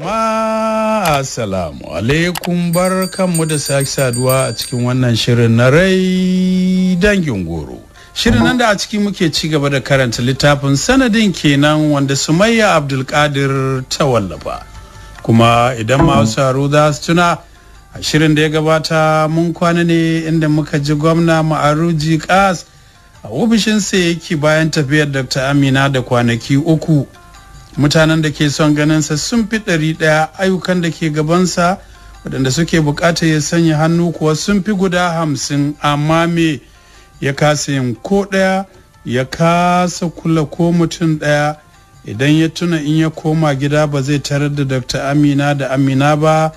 Assalamu alaikum bar kanmu da sake saduwa a cikin wannan shirin na rai dangin goro. Shirin nan da a ciki muke ci gaba da karanta littafin sanadin kenan wanda Sumayya Abdulkadir ta wallafa. Kuma idan masu haro za su tuna a shirin da ya gabata mun kwana ne inda muka ji gwamna ma'aruji kas a ofishinsa yake bayan tafiyar Dr. Amina da kwanaki uku. mutanen da ke son ganinsa sun fi ɗari ɗaya ayyukan da ke gabansa waɗanda suke buƙatar ya sanya hannu kuwa sun fi guda hamsin amma me ya kasa yin ko ɗaya ya kasa kula ko mutum ɗaya idan ya tuna in ya koma gida ba zai tarar da dr amina da amina ba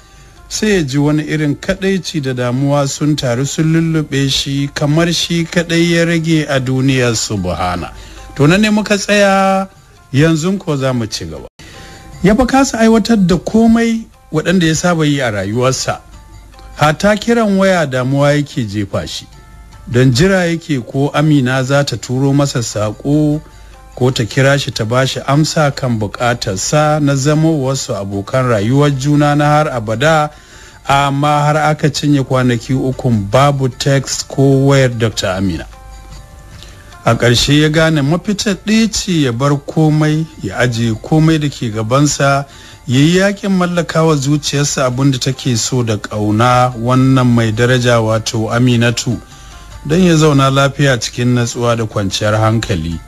sai ya ji wani irin kaɗaici da damuwa sun taru sun lullube shi kamar shi kaɗai ya rage a duniyar subhana to na ne muka tsaya yanzu ko za mu ci gaba ya fa kasa aiwatar da komai waɗanda ya saba yi a rayuwarsa hata kiran waya damuwa yake jefa shi don jira yake ko amina za ta turo masa saƙo ko ta kira shi ta ba shi amsa kan buƙatarsa na zama wasu abokan rayuwar juna na har abada amma har aka cinye kwanaki ukun babu text ko wayar dr amina a ƙarshe ya gane mafita ɗaya ce ya bar komai ya ajiye komai da ke gabansa ya yi yakin mallakawa zuciyarsa abun da take so da ƙauna wannan mai daraja wato aminatu don ya zauna lafiya cikin natsuwa da kwanciyar hankali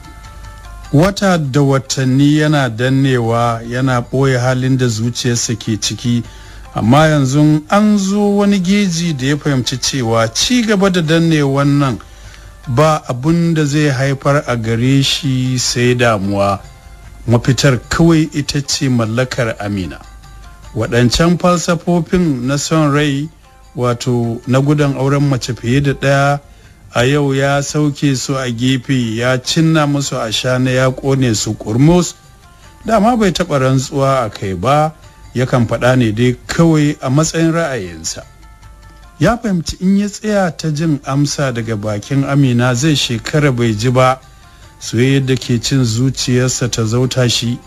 wata da watanni yana dannewa yana ɓoye halin da zuciyarsa ke ciki amma yanzu an zo wani geji da ya fahimci cewa ci gaba da danne wannan ba abun da zai haifar a gare shi sai damuwa mafitar kawai ita ce mallakar amina waɗancan falsafofin na son rai wato na gudan auren mace fiye da ɗaya a yau ya sauke su a gefe ya cinna musu a shana ya ƙone su ƙurmus dama bai taɓa rantsuwa a kai ba yakan faɗa ne dai kawai a matsayin ra'ayinsa ya fahimci in ya tsaya ta jin amsa daga bakin amina zai shekara bai ji ba soyayyar da ke cin zuciyarsa ta zauta shi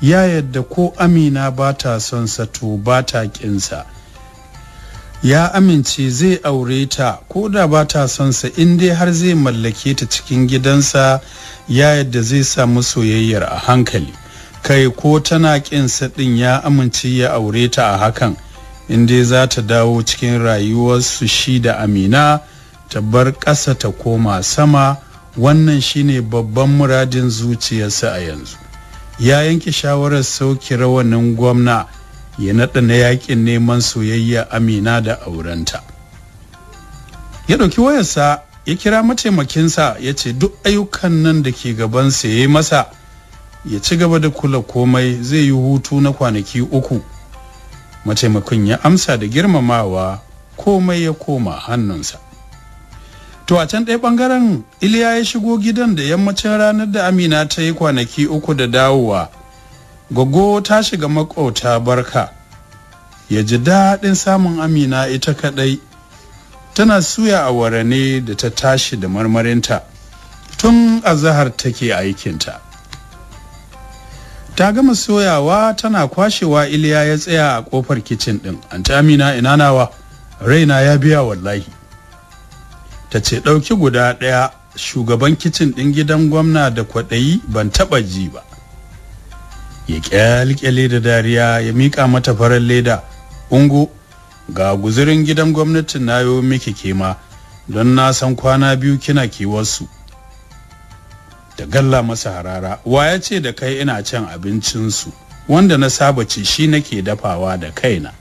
ya yadda ko amina ba ta son sa to ba ta kinsa ya amince zai aure ta ko da ba ta son sa in dai har zai mallake ta cikin gidansa ya yadda zai samu soyayyar a hankali kai ko tana kinsa din ya amince ya aure ta a hakan in dai za ta dawo cikin rayuwarsu shi da amina ta bar ƙasa ta koma sama wannan shine babban muradin zuciyarsa a yanzu ya yanke shawarar sauki rawanin gwamna ya naɗa na yakin neman soyayya amina da aurenta ya ɗauki wayarsa ya kira mataimakinsa ya ce duk ayyukan nan da ke gabansa ya yi masa ya ci gaba da kula komai zai yi hutu na kwanaki uku Mataimakin ya amsa da girmamawa komai ya koma hannunsa to a can ɗaya ɓangaren iliya ya shigo gidan da yammacin ranar da amina ta yi kwanaki uku da dawowa gogo ta shiga makauta barka ya ji daɗin samun amina ita kaɗai tana suya a warane da ta tashi da marmarinta tun azahar take aikinta ta gama soyawa tana kwashewa iliya ya tsaya a kofar kicin din ta amina ina nawa raina ya biya wallahi ta ce ɗauki guda ɗaya shugaban kicin ɗin gidan gwamna da kwaɗayi ban taɓa ji ba ya kyalkyale da dariya ya mika mata farar leda ungo ga guzurin gidan gwamnatin na yo miki kema don na san kwana biyu kina kiwarsu da galla masa harara wa ya ce da kai ina cin abincinsu wanda na saba ci shi nake dafawa da kaina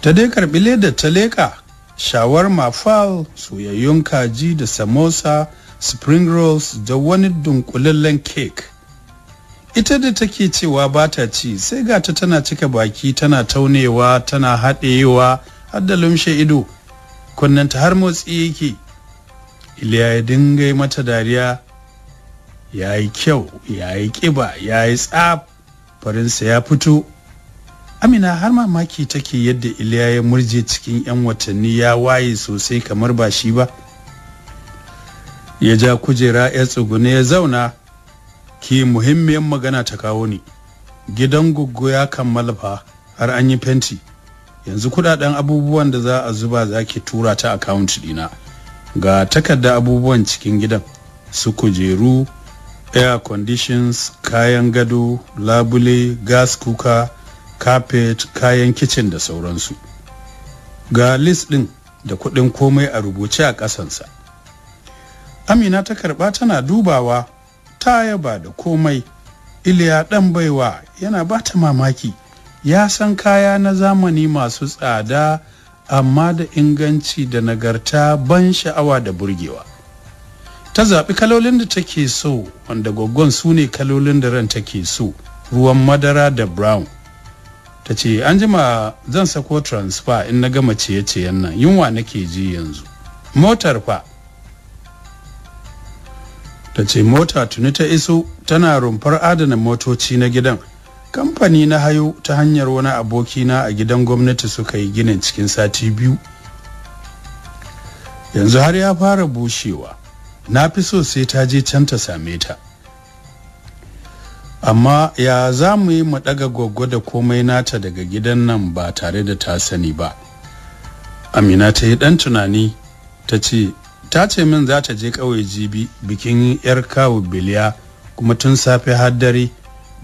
ta dai karbi leda ta leka shawarma fal soyayyun kaji da samosa spring rolls da wani dunkulallen cake ita da take cewa ba ta ci sai gata tana cika baki tana taunewa tana haɗewa har da lumshe ido kunnanta har motsi yake iliya ya dinga mata dariya ya yi kyau ya yi ƙiba ya yi tsaf farinsa ya fito amina har mamaki take yadda iliya ya murje cikin 'yan watanni ya waye sosai kamar ba shi ba ya ja kujera ya tsugune ya zauna ki muhimmiyar magana ta kawo ni gidan goggo ya kammala fa har an yi fenti yanzu kudaden abubuwan da za a zuba zaki tura ta account dina ga takarda abubuwan cikin gidan su kujeru air conditions kayan gado labule gas kuka carpet kayan kicin da sauransu ga list ɗin da kuɗin komai a rubuce a ƙasansa amina ta karɓa tana dubawa ta yaba da komai iliya ɗan baiwa yana ba ta mamaki ya san kaya na zamani masu tsada amma da inganci da nagarta ban sha'awa da burgewa ta zaɓi kalolin da take so wanda gwaggon su ne kalolin da ran take so ruwan madara da brown ta ce an jima zan sako transfer in na gama ciye-ciyen nan yunwa nake ji yanzu motar fa ta ce mota tuni ta iso tana rumfar adana motoci na gidan kamfani na hayo ta hanyar wani abokina a gidan gwamnati suka yi ginin cikin sati biyu yanzu har ya fara bushewa na fi so sai ta je can ta same ta amma ya za mu yi mu ɗaga gwaggo da komai nata daga gidan nan ba tare da ta sani ba amina ta yi ɗan tunani ta ce ta ce min za ta je ƙauye jibi bikin 'yar kawo biliya kuma tun safe har dare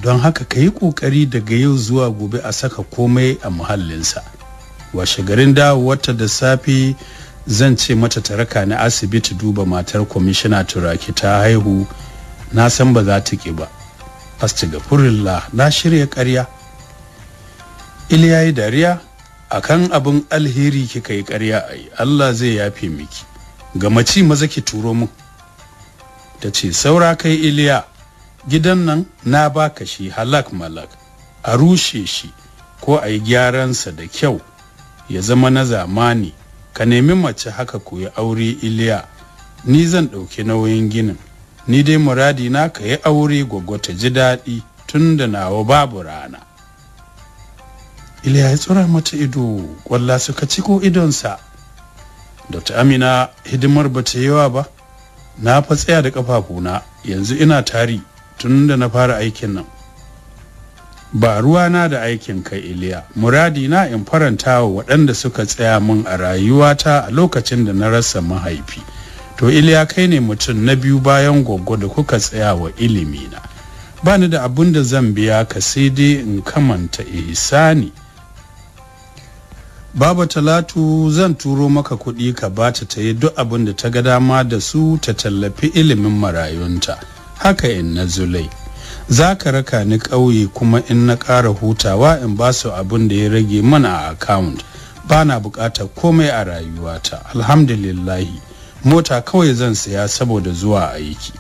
don haka ka yi ƙoƙari daga yau zuwa gobe a saka komai a muhallinsa washe garin dawowarta da safe zan ce mata ta raka ni asibiti duba matar kwamishina turaki ta haihu na san ba za ta ki ba astaghfirullah na shirya ƙarya iliyayi dariya kan abin alheri kika yi ƙarya yi Allah zai yafe miki ga maci maza ki turo mu ta ce saura kai iliya gidan nan na baka shi halak malak a rushe shi ko a yi gyaransa da kyau ya zama na zamani ka nemi mace haka ku yi aure iliya ni zan ɗauki nauyin ginin ni dai muradi na ka yi aure ta ji daɗi tun da nawa babu rana iliya ya tsura mata ido kwalla suka ciko idonsa dr amina hidimar ba ta yawa ba na fa tsaya da ƙafafuna yanzu ina tari tun da na fara aikin nan ba ruwana da aikin ka iliya muradi na in faranta wa waɗanda suka tsaya min a rayuwata a lokacin da na rasa mahaifi to iliya kai ne mutum na biyu bayan gwaggo da kuka tsaya wa ilimina ba ni da abun da zan biya ka sai dai in kamanta ihsani Baba Talatu zan turo maka kuɗi ka bata ta yi duk abin da ta ga dama da su ta tallafi ilimin marayunta. Haka in na zulai. za ka raka ni ƙauye kuma in na ƙara hutawa in ba su abin da ya rage mana a account ba na buƙatar komai a rayuwata alhamdulillahi mota kawai zan saya saboda zuwa aiki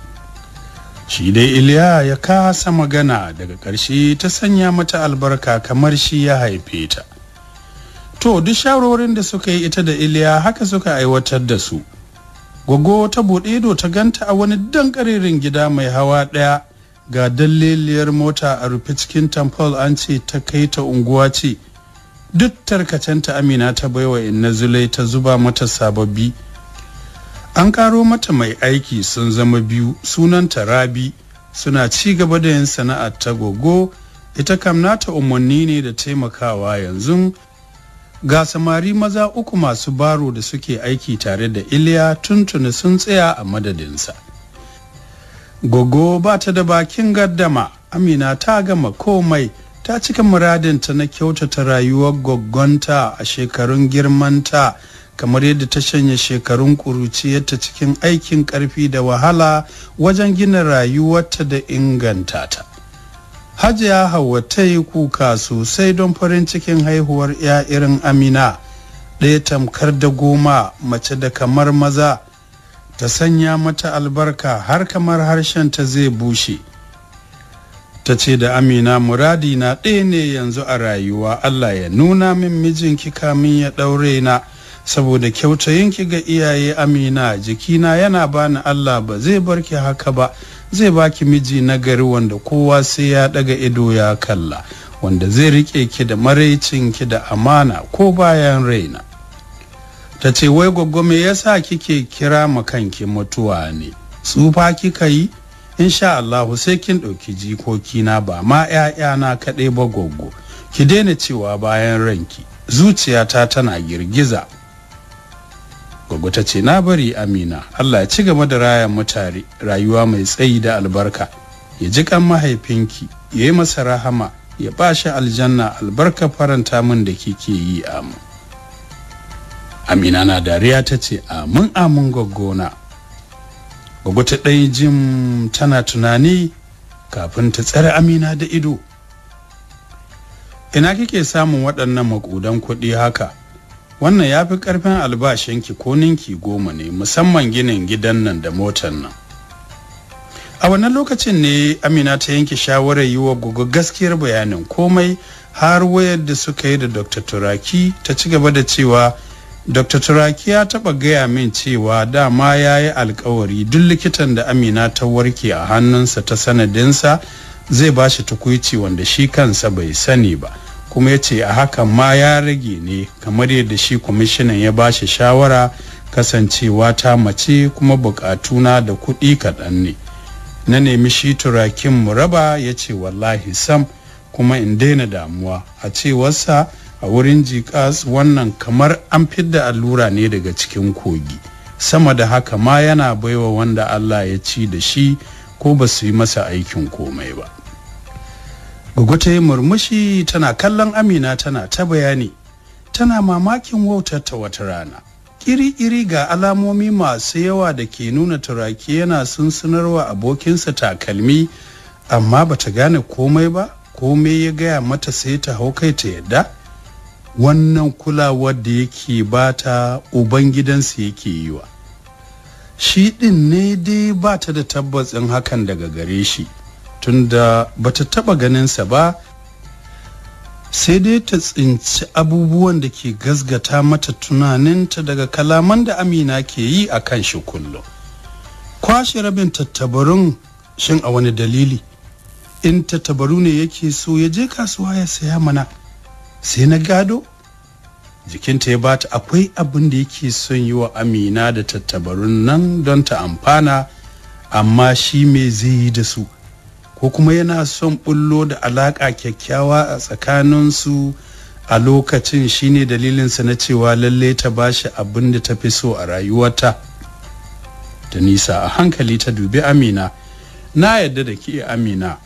shi dai iliya ya kasa magana daga ƙarshe ta sanya mata albarka kamar shi ya haife ta to duk shawarorin da suka yi ita da iliya haka suka aiwatar da su gwaggo ta buɗe ido ta ganta a wani dankaririn gida mai hawa ɗaya ga dalliliyar mota a rufe cikin tamfol an ce ta kai ta unguwa ce duk tarkacenta amina ta baiwa inna zulai ta zuba mata sababbi an karo mata mai aiki sun zama biyu sunanta rabi suna ci gaba da yin sana'a ta gogo ita kam nata umarni ne da taimakawa yanzu ga samari maza uku masu baro da suke aiki tare da iliya tuntuni sun tsaya a madadinsa gogo ba ta da bakin gaddama amina ta gama komai ta cika muradinta na kyautata rayuwar goggonta a shekarun girmanta kamar yadda ta shanye shekarun ƙuruciyarta cikin aikin ƙarfi da wahala wajen gina rayuwarta da inganta ta hajiya hawa ta yi kuka sosai don farin cikin haihuwar 'ya amina ɗaya tamkar da goma mace da kamar maza ta sanya mata albarka har kamar harshen ta zai bushe ta ce da amina muradi na ɗaya ne yanzu a rayuwa allah ya nuna min mijinki kamin ya ɗaure na saboda kyautayinki ga iyaye amina jikina yana bani allah ba zai barki haka ba zai baki miji na gari wanda kowa sai ya ɗaga ido ya kalla wanda zai riƙe ki da maraicinki da amana ko bayan raina ta ce wai gwaggo me yasa kike kira ma kanki mutuwa ne tsufa kika yi insha Allah sai kin ɗauki jikoki na ba ma na kaɗai ba goggo. ki daina cewa bayan ranki zuciyata tana girgiza gwaggo ta ce na bari amina Allah ya ci gaba da rayan mutare rayuwa mai tsayi da albarka ya ji kan mahaifinki ya yi masa rahama ya ba shi aljanna albarka faranta min da kike yi amin. amina na dariya ta ce amin amin gwaggona gwaggo ta ɗai jim tana tunani kafin ta tsare amina da ido ina kike samun waɗannan makudan kuɗi haka wannan ya fi ƙarfin albashinki ko ninki goma ne musamman ginin gidan nan da motar nan a wannan lokacin ne amina ta yanke shawarar yi wa gugu gaskiyar bayanin komai har wayar da suka yi da dr turaki ta ci gaba da cewa dr turaki ya taba gaya min cewa dama ya yi alkawari duk likitan da amina ta warke a hannunsa ta sanadinsa zai ba shi tukuici wanda shi kansa bai sani ba kuma ya ce a hakan ma ya rage ne kamar yadda shi kwamishinan ya ba shi shawara kasancewa ta mace kuma bukatuna da kuɗi kaɗan ne na nemi shi turakin mu raba ya ce wallahi sam kuma in daina damuwa a cewarsa a wurin jikas wannan kamar an fidda allura ne daga cikin kogi sama da haka ma yana baiwa wanda Allah ya ci da shi ko ba su yi masa aikin komai ba gogo ta yi murmushi tana kallon amina tana ta bayani tana mamakin wautar ta wata rana kiri ga alamomi masu yawa da ke nuna turaki yana sunsunarwa abokinsa takalmi amma bata gane komai ba komai ya gaya mata sai ta hau kai ta yadda wannan kulawar da yake bata ubangidansa yake yi wa shi ɗin ne dai bata da tabbacin hakan daga gare shi tunda bata ta taɓa ganinsa ba sai dai ta tsinci abubuwan da ke gazgata mata tunaninta daga kalaman da amina ke yi a kan shi kullum kwashe rabin tattabarun shin a wani dalili in tattabaru ne yake so ya je kasuwa ya saya mana sai na gado jikinta ya bata akwai abin da yake son yi wa amina da tattabarun nan don ta amfana amma shi mai zai yi da su ko kuma yana son bullo da alaƙa kyakkyawa a tsakaninsu a lokacin shine dalilinsa na cewa lalle ta ba shi abin da ta fi so a rayuwarta da nisa a hankali ta dubi amina na yadda da ke amina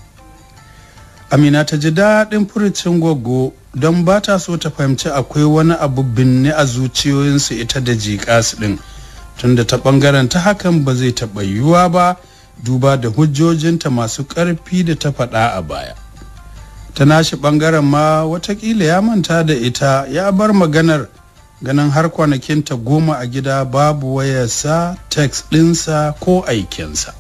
amina ta ji daɗin furucin gwaggo don ba ta so ta fahimci akwai wani abu binne a zuciyoyinsu ita da jikas ɗin tunda ta ɓangaren ta hakan ba zai taɓa yiwuwa ba duba da hujjojinta masu ƙarfi da ta faɗa a baya ta nashi bangaren ma watakila ya manta da ita ya bar maganar ganin har kwanakinta goma a gida babu wayarsa text ɗinsa ko aikinsa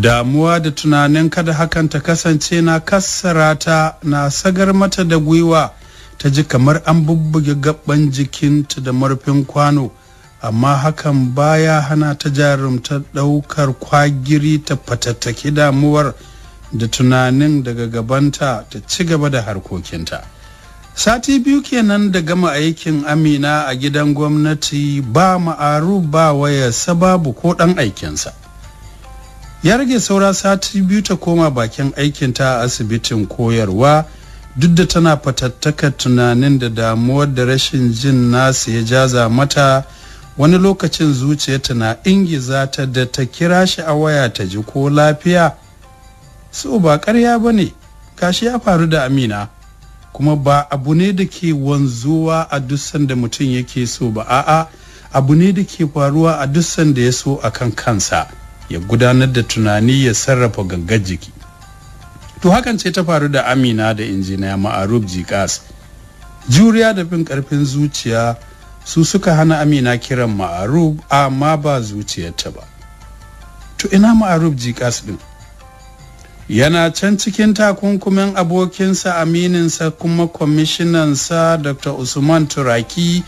damuwa da tunanin kada hakan ta kasance na kassara ta na sagar mata da gwiwa ta ji kamar an bubbuge gaban jikinta da marfin kwano amma hakan baya hana ta jarumta ɗaukar kwagiri ta fatattaki damuwar da tunanin daga gabanta ta ci gaba da harkokinta sati biyu kenan da gama aikin amina a gidan gwamnati ba ma'aru ba waya sababu ko ɗan aikinsa ya rage saura sati biyu ta koma bakin aikinta a asibitin koyarwa duk da tana fatattaka tunanin da damuwar da rashin jin nasa ya jaza mata wani lokacin zuciyarta na ingiza ta da ta kira shi a waya ta ji ko lafiya so ba karya ba ne kashi ya faru da amina kuma ba abu ne da ke wanzuwa a duk sanda mutum yake so ba a'a abu ne da ke faruwa a duk sanda ya so akan kansa ya gudanar da tunani ya sarrafa gangar jiki to hakan ce ta faru da amina da injiniya ma'aruf jikas juriya da bin karfin zuciya su suka hana amina kiran ma'aruf amma ba zuciyarta ba to ina ma'aruf jikas din yana can cikin takunkumin abokinsa amininsa kuma kwamishinansa dr usman turaki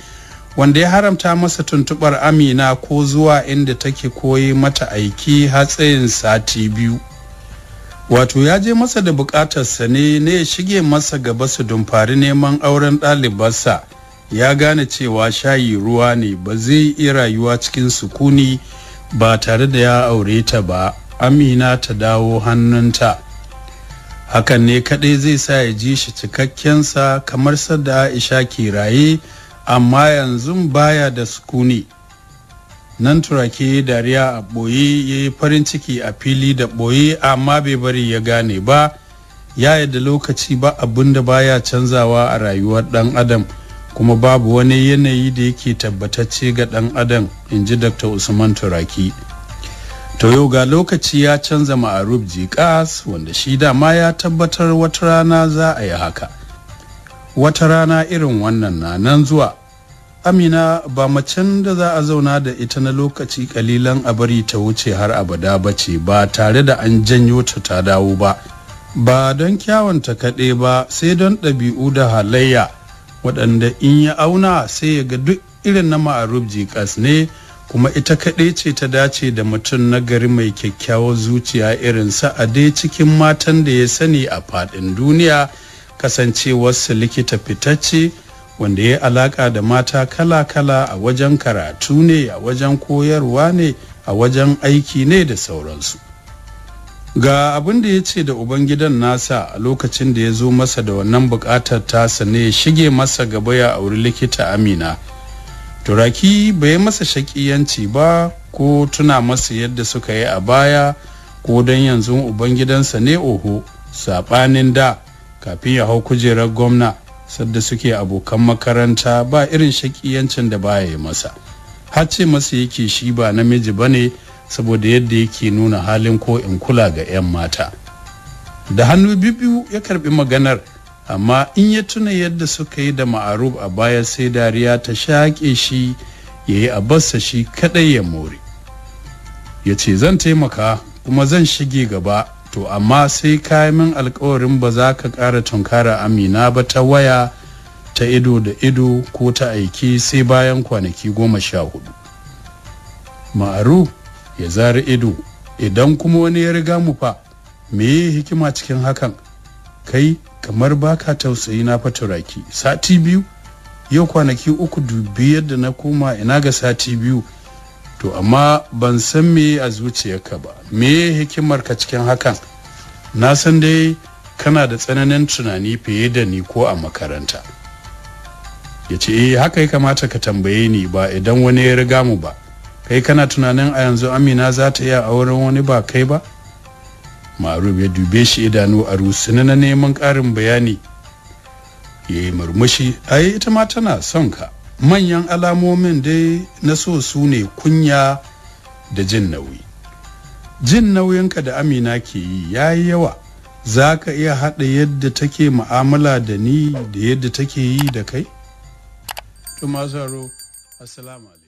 wanda ya haramta masa tuntubar amina ko zuwa inda take koyi mata aiki har sati biyu wato ya je masa da sa ne ne ya shige masa gaba su dumfari neman auren ɗalibarsa ya gane cewa shayi ruwa ne ba zai iya rayuwa cikin sukuni ba tare da ya aure ta ba amina ta dawo hannunta hakan ne kaɗai zai sa ya ji shi cikakken sa kamar sadda aisha ke raye amma yanzu baya da sukuni nan turake dariya a ɓoye ya yi farin ciki a fili da ɓoye amma bai bari ya gane ba ya da lokaci ba abin da baya canzawa a rayuwar ɗan adam kuma babu wani yanayi da yake tabbatacce ga ɗan adam in ji dr usman turaki to yau ga lokaci ya canza ma'arub jikas wanda shi ma ya tabbatar wata rana za a yi haka wata rana irin wannan na nan zuwa amina ba macen da za a zauna da ita na lokaci kalilan a bari ta wuce har abada ba ce ba tare da an janyo ta ta dawo ba ba don kyawunta kaɗai ba sai don ɗabi'u da halayya waɗanda in ya auna sai ya ga duk irin na ma'arub jikas ne kuma ita kaɗai ce ta dace da mutum na gari mai kyakkyawar zuciya irin sa a dai cikin matan da ya sani a faɗin duniya kasancewarsa likita fitacce wanda ya alaka da mata kala-kala a wajen karatu ne a wajen koyarwa ne a wajen aiki ne da sauransu ga abin da ya ce da ubangidan nasa a lokacin da ya zo masa da wannan bukatar tasa ne ya shige masa gaba ya auri likita amina turaki bai masa shakiyanci ba ko tuna masa yadda suka yi a baya ko don yanzu ubangidansa ne oho saɓanin da kafin ya hau kujerar gwamna sadda suke abokan makaranta ba irin shakiyancin da baya yi masa har ce masa yake shi ba namiji ba ne saboda yadda yake nuna halin ko in kula ga 'yan mata da hannu bibiyu ya karbi maganar amma in ya tuna yadda suka yi da ma'aruf a baya sai dariya ta shaƙe shi ya yi abarsa shi kaɗai ya more ya ce zan taimaka kuma zan shige gaba to amma sai ka yi min alkawarin ba za ka ƙara tunkara amina ba ta waya ta ido da ido ko ta aiki sai bayan kwanaki goma sha hudu ma'aru ya zari ido idan kuma wani ya riga mu fa me hikima cikin hakan kai kamar baka tausayi na faturaki sati biyu yau kwanaki uku dubi yadda na koma ina ga sati biyu to amma ban san me a zuciyarka ba me hikimar ka cikin hakan na san dai kana da tsananin tunani fiye da ni ko a makaranta ya ce eh haka ya kamata ka tambaye ni ba idan wani ya riga mu ba kai kana tunanin a yanzu amina za ta iya auren wani ba kai ba marub ya dube shi idanu a rusuna na neman ƙarin bayani ya yi murmushi ai ita ma tana son ka manyan alamomin dai na so su ne kunya da jin nauyi jin nauyinka da amina ke yi ya yi yawa za ka iya haɗa yadda take ma'amala da ni da yadda take yi da kai? tumazaro Assalamu alaikum.